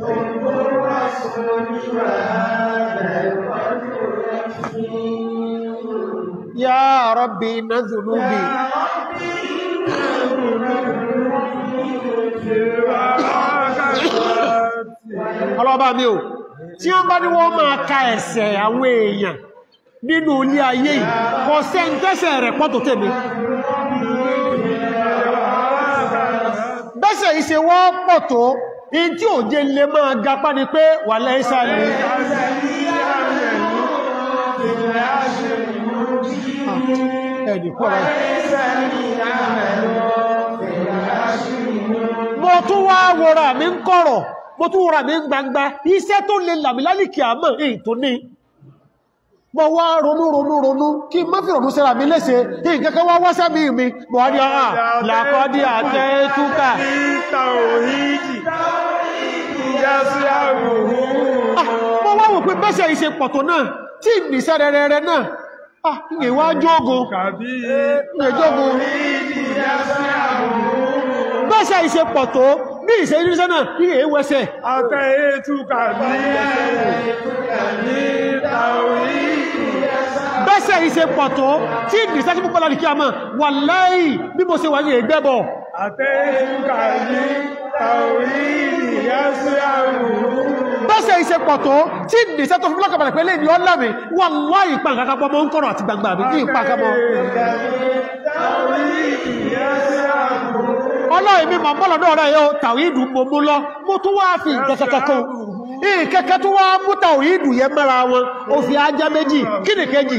حب الرسول وهذا القدر يكفيني يا ربي نذنبي يا ربي نذنبي ọlọ́bá mi ò tí ó bá ní wọ́n máa ka ẹ̀ṣẹ̀ àwọn èèyàn nínú ilé ayé yìí kò sẹ́ ń tẹ́sẹ̀ rẹ̀ pọ́tò tèmi bẹ́sẹ̀ ìṣe wọ́n pọ̀ tó in tí ò jẹ lè máa gapá ni pé wà lẹ́ẹ́sà ní ah, ẹ̀dìkú ọ̀rọ̀ mo tún wá wọ́ra mi ń kọ̀rọ̀ mo tún wọ́ra mi ń gbangba iṣẹ́ tó lè làmì lálìkì àmọ́ èyí tó ní mo wá ronú ronú ronú kí n má fi ronú sẹ́ra mi léṣe ìkẹ́kẹ́ wá wá sẹ́mi mi mo wá ní ọ̀hà ah, làkọ́dí àtẹ́ túkà ah, mo wá wò pé bẹ́sẹ̀ ìṣe pọ̀tọ̀ náà tí ìgbìsẹ́ rẹ̀rẹ̀ náà ìgbìwá jógo ìgbìwá jógo bẹ́ẹ̀ṣẹ̀ ìṣe pọ̀ tó bí ìṣe ìrísẹ́ náà kí èé wẹ́ṣẹ̀ àtẹ́ ètùkà ní bẹ́ẹ̀ṣẹ̀ ìṣe pọ̀ tó tí ìdìsẹ́ sí púpọ̀ lọ́dí kí a mọ̀ wà láì bí mo ṣe wà ní ẹgbẹ́bọ̀ àtẹ́ ètùkà ní tàwí ìyẹ́sẹ̀ àrùn bọ́sẹ̀ iṣẹ́ pọ̀ tó tí nìṣẹ́ tó fún lọ́kàbàlẹ̀ pẹ̀lẹ́ ni ọ́ lámì wà láì pa nǹkan kápọ̀ mọ́ ń kọ̀rọ̀ àti gbangba ní ìpa ọlọ́run mi mọ̀ mọ́lọ̀dọ́ ọ̀rẹ́ yóò tàwíìdù gbogbo lọ mo tún wá fi ìkẹ́kẹ́kẹ́ ìkẹ́kẹ́ tó wá mú tàwíìdù yẹ mẹ́ra wọn ó fi ajá méjì kí ni kejì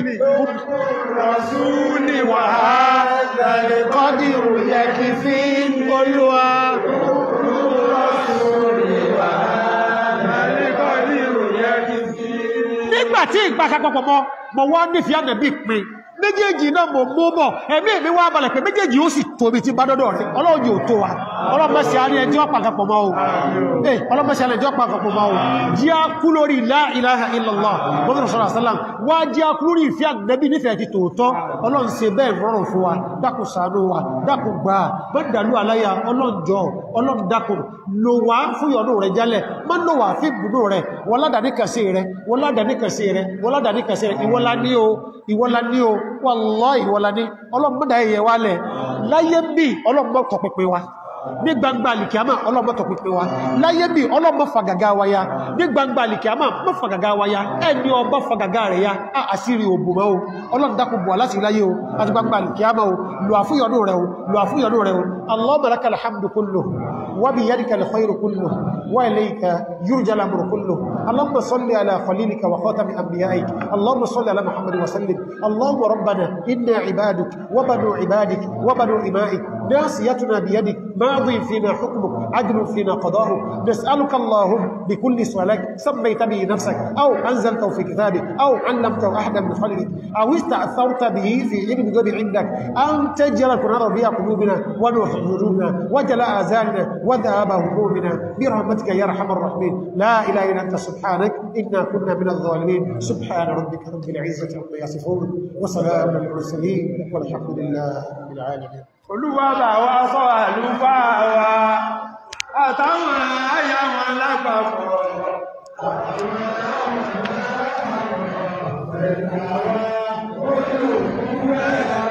nígbàtí ìgbàkàpọ̀pọ̀ mọ́ wọ́n nífẹ̀ẹ́ ànàbí pin méjèèjì náà mò ń ẹ̀mí èmi wá balẹ̀ pé méjèèjì ó sì tóbi ti bá dọ́dọ̀ rẹ̀ ọlọ́run yóò tó wa ọlọ́mọ̀sí àárín ẹjọ́ pàkàpọ̀ máa o eh ọlọ́mọ̀sí àárín ẹjọ́ pàkàpọ̀ máa o jí a kú lórí la ilaha illallah mọ́bìnà sọ́rọ̀ àsálàm wá jí a kú lórí ìfẹ́ àgbẹ̀bí nífẹ̀ẹ́ ti tòótọ́ ọlọ́run ṣe bẹ́ẹ̀ rọrùn fún wa dákù ṣàánú wa dákù gbà bẹ́ẹ̀dàlú aláyà ọlọ́jọ́ ọlọ́dàkùn lò wá fún yọ̀nù rẹ̀ jálẹ̀ má lò wá fí gbùdó rẹ̀ wọ́ládàníkàsí rẹ̀ wọ́ládàníkàsí wallahi ìwọ́lá ní ọlọ́mọdà ẹ̀yẹ wálẹ̀ láyé bí ọlọ́mọ kọ̀pẹ̀pẹ̀ wa ní gbangba alìkìámà ọlọ́mọ́tọ̀ pípẹ́ wa láyé bí ọlọ́mọ́ fagagá wa ya ní gbangba alìkìámà mọ́ fagagá wa ya ẹni ọba fagagá rẹ̀ ya àṣírí òbùmọ́ o ọlọ́ndakùnbù aláti láyé o àti gbangba alìkìámà o lò àfúyọ̀nù rẹ̀ o lò àfúyọ̀nù rẹ̀ o Allahumma lakal hamdu kulluhu wa biyadikal khayru kulluhu wa ilayka yurjal amru kulluhu Allahumma salli ala khalilika wa khatami anbiya'ik Allahumma salli ala Muhammad wa ماضي فينا حكمك عدل فينا قضاؤك نسألك اللهم بكل سؤالك سميت به نفسك أو أنزلته في كتابك أو علمته أحدا من خلقك أو استأثرت به في علم الغيب عندك أن تجعل كنا ربيع قلوبنا ونوح جنوبنا وجلاء أزالنا وذهاب همومنا برحمتك يا أرحم الراحمين لا إله إلا أنت سبحانك إنا كنا من الظالمين سبحان ربك رب العزة عما يصفون وسلام على المرسلين والحمد لله رب العالمين olúwàbà wa sọ àlùfáà wa àtàwọn àyà wọn lápapọ̀ Thank you.